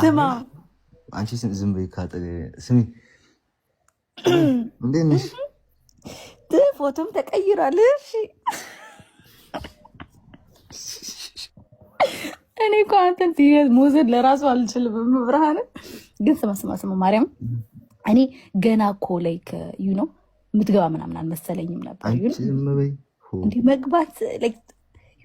ስማ አንቺ ዝም በይ ካጠገቤ። ስሚ እንዴት ነሽ? ፎቶም ተቀይሯል። እሺ እኔ እኮ አንተን ሲሪየስ መውሰድ ለራሱ አልችልም። ብርሃን ግን ስማ ስማ ስማ ማርያም እኔ ገና እኮ ላይክ ዩ ነው የምትገባ ምናምን አልመሰለኝም ነበር። መግባት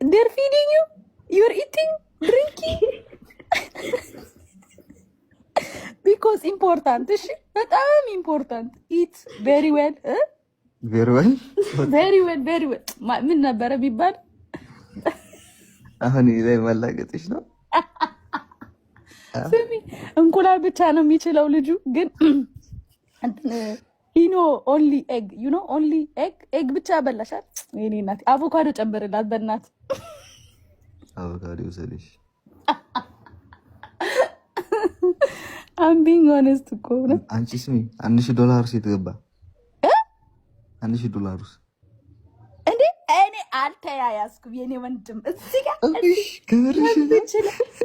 they're feeding you you're eating drinking because important እሺ በጣም important eat very well very well very well very well ምን ነበረ ቢባል አሁን ላይ ማላገጥሽ ነው ስሚ እንቁላል ብቻ ነው የሚችለው ልጁ ግን ኢኖ ኦንሊ ኤግ ዩ ኖ ኦንሊ ኤግ ኤግ ብቻ በላሻል። የኔ እናት አቮካዶ ጨምርላት በእናት አቮካዶ ውሰደሽ። አምቢንግ ሆነስት እኮ አንቺ ስሚ አንድ ዶላር ውስጥ የተገባ አንድ ዶላር ውስጥ እንዴ እኔ አልተያያዝኩም የኔ ወንድም እዚህ ጋር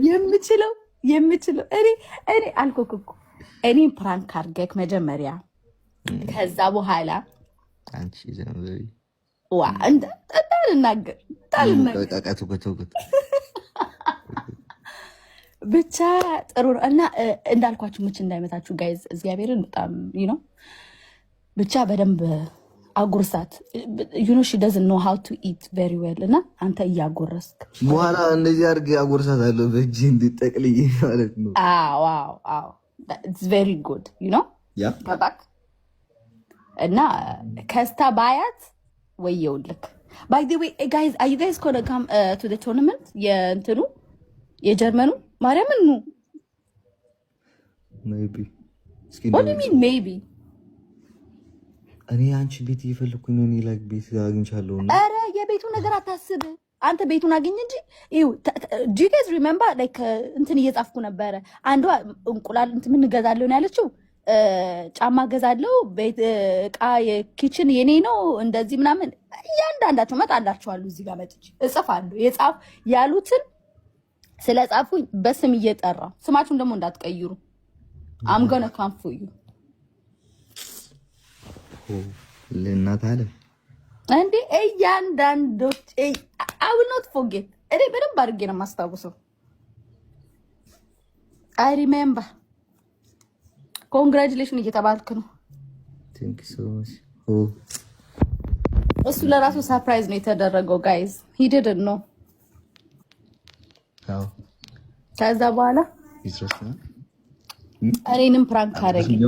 የምችለው የምችለው እኔ እኔ እኮ እኔ ፕራንክ አድርገህ መጀመሪያ ከዛ በኋላ አንቺ ዘንበሪ ዋ እንዳልናገር ብቻ ጥሩ ነው እና እንዳልኳችሁ ምች እንዳይመታችሁ ጋይዝ፣ እግዚአብሔርን በጣም ነው ብቻ በደንብ አጉርሳት። ዩኖ ሺ ደዝ ኖ ሃው ቱ ኢት ቨሪ ዌል እና አንተ እያጎረስክ በኋላ እንደዚህ አድርግ አጉርሳት አለ በእጅ እንዲጠቅልይ ማለት ነው። ቬሪ ጉድ ዩ ኖ እና ከስታ ባያት ወየውልክ ባይ ዘ ዌይ ጋይዝ አዩ ጋይዝ ኮነ ካም ቱ ዘ ቶርናመንት የእንትኑ የጀርመኑ ማርያምን ኑ ሜቢ ሚን ሜቢ እኔ አንቺ ቤት እየፈለግኩኝ ነው። እኔ ቤት አግኝቻለሁ። ኧረ የቤቱ ነገር አታስብ አንተ ቤቱን አግኝ እንጂ ጂጋዝ ሪመምበር ላይክ እንትን እየጻፍኩ ነበረ። አንዷ እንቁላል እንትን ምን እገዛለሁ ነው ያለችው ጫማ ገዛለው፣ እቃ ኪችን የኔ ነው እንደዚህ ምናምን እያንዳንዳቸው እመጣላቸዋለሁ። እዚህ ጋር መጥቼ እጽፋለሁ። የጻፍ ያሉትን ስለ ጻፉ በስም እየጠራ ስማችሁም ደግሞ እንዳትቀይሩ። አምገነ ካንፎዩ ልናት አለ እንዴ እያንዳንዶች አውልኖት ፎጌት እኔ በደንብ አድርጌ ነው የማስታውሰው። አይ ሪሜምበር ኮንግራጁሌሽን እየተባልክ ነው። oh. እሱ ለራሱ ሰርፕራይዝ ነው የተደረገው። ጋይዝ ሂድድ ነው። ከዛ በኋላ እኔንም ፕራንክ አደረገኝ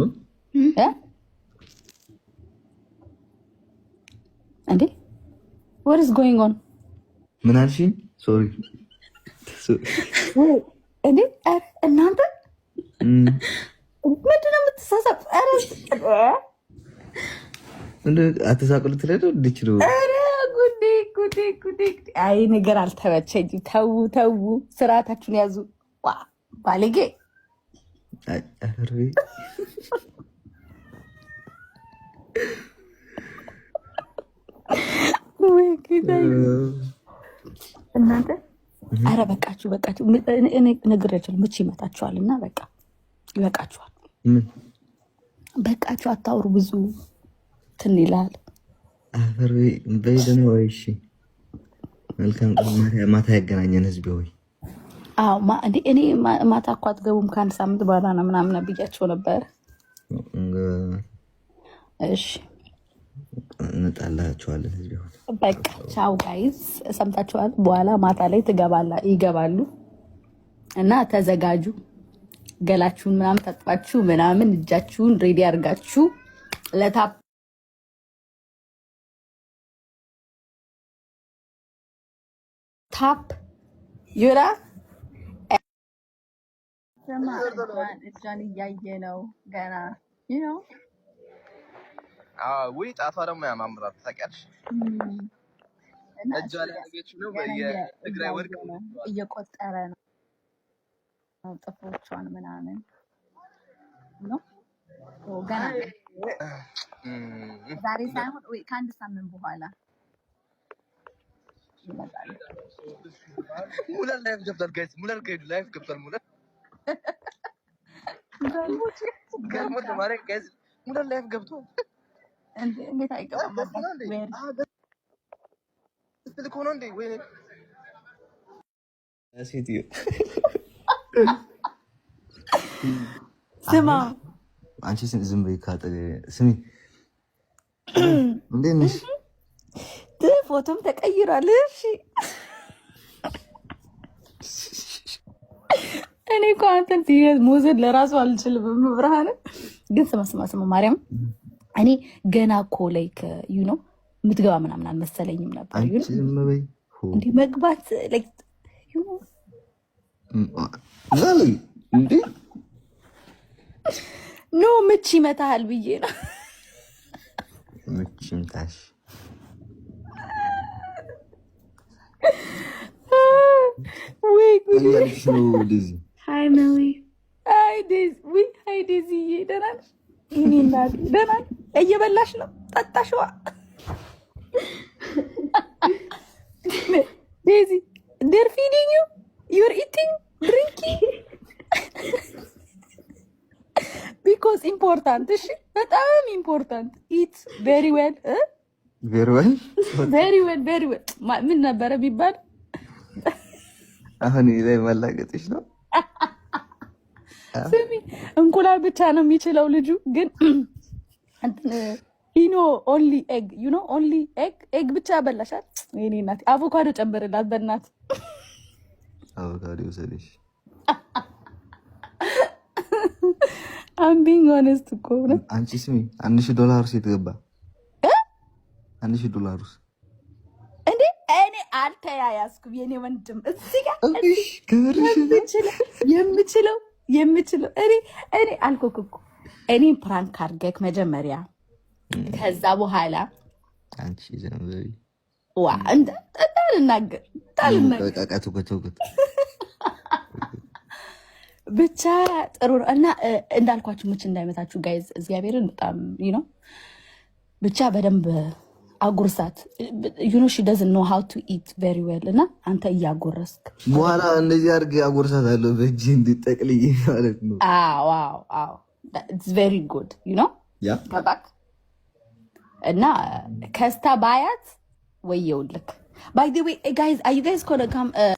እንዴ! what is going ምን አልሽኝ? ሶሪ እንዴ! እናንተ ምንድን ነው የምትሳሳብ? አትሳቅ ልትለዱ እንድችሉ አይ ነገር አልተመቸኝም። ተዉ ተዉ፣ ስርዓታችሁን ያዙ። ባለጌ እናንተ አረ በቃችሁ፣ በቃችሁ። እኔ ነግራችኋለሁ ይመታችኋል እና በቃ ይበቃችኋል። በቃችሁ አታውሩ፣ ብዙ ትን ይላል። አፈር በይ ወይ። እሺ መልካም ማታ ያገናኘን ህዝብ ሆይ አዎ እኔ ማታ እኮ አትገቡም ከአንድ ሳምንት በኋላ ነው ምናምን ብያቸው ነበር። እሺ እንጣላቸዋለን። ህዝብ ሆይ በቃ ቻው ጋይዝ፣ ሰምታችኋል። በኋላ ማታ ላይ ትገባላ ይገባሉ እና ተዘጋጁ። ገላችሁን ምናምን ታጥባችሁ ምናምን እጃችሁን ሬዲ አድርጋችሁ ለታ ታፕ ዩራ እጇን እያየ ነው ገና ነው። ውይ ጣቷ ደግሞ ያማምራል ታውቂያለሽ። እጇ ላይ ያገችው ነው። በየትግራይ ወርቅ እየቆጠረ ነው ጥፍሮቿን ምናምን ነው ገና ዛሬ ሳይሆን ወይ ከአንድ ሳምንት በኋላ ሙለር ላይፍ ገብቷል። ጋይስ ሙለር ላይፍ ገብቷል። ሙለር ሙለር ላይፍ ገብቷል። እንዴት አይገባም? ስትልክ ሆኖ እንዴ ወይ ሴትዮ ስማ አንቺ ዝም በይ ካጠገቤ። ስሚ እንዴት ነሽ? ፎቶም ተቀይሯል። እሺ እኔ እኮ አንተን ሲሪየስ መውሰድ ለራሱ አልችልም። መብርሃን ግን ስማ ስማ ስማ ማርያም እኔ ገና እኮ ላይክ ዩ ነው የምትገባ ምናምን አልመሰለኝም ነበር። መግባት ላይክ ዩ እንዴ ኖ ምች ይመታሃል ብዬ ነው። ምች ይምታሽ። አይ ዴዚዬ፣ ደህና ነሽ? ደህና ነኝ። እየበላሽ ነው? ጠጣሽዋ ዴዚ እሺ፣ በጣም ኢምፖርታንት ኢት ቬሪ ዌል ቬሪ ዌል ቬሪ ዌል ምን ነበረ ቢባል አሁን ላይ መላገጥሽ ነው። ስሚ፣ እንቁላል ብቻ ነው የሚችለው ልጁ። ግን ኢኖ ኦንሊ ኤግ ዩ ኖ ኦንሊ ኤግ ኤግ ብቻ በላሻል። የእኔ እናት አቮካዶ ጨምርላት በእናት አቮካዶ ወሰደሽ አምቢንግ ሆነስት እኮ አንቺ ስሚ፣ አንድ ሺህ ዶላር ውስጥ የተገባ አንድ ሺህ ዶላር ውስጥ እንዴ! እኔ አልተያያዝኩም የኔ ወንድም። እዚህ ጋር የምችለው የምችለው እኔ እኔ አልኩህ እኮ እኔ ፕራንክ አድርገህ መጀመሪያ፣ ከዛ በኋላ አንቺ ዘንበሪ ዋ እንዳልናገር እንዳልናገር ብቻ ጥሩ ነው እና እንዳልኳችሁ ምች እንዳይመታችሁ ጋይዝ፣ እግዚአብሔርን በጣም ነው ብቻ በደንብ አጉርሳት። ዩኖ ሺ ደዝን ኖ ሃው ቱ ኢት ቨሪ ዌል እና አንተ እያጎረስክ በኋላ እንደዚህ አድርግ አጎርሳት አለው በእጅ እንድጠቅልይ ማለት ነው። ቨሪ ጉድ ዩ ኖ እና ከስታ ባያት ወየውልክ ባይ ዘ ዌይ ጋይዝ አዩ ጋይዝ ኮነ ካም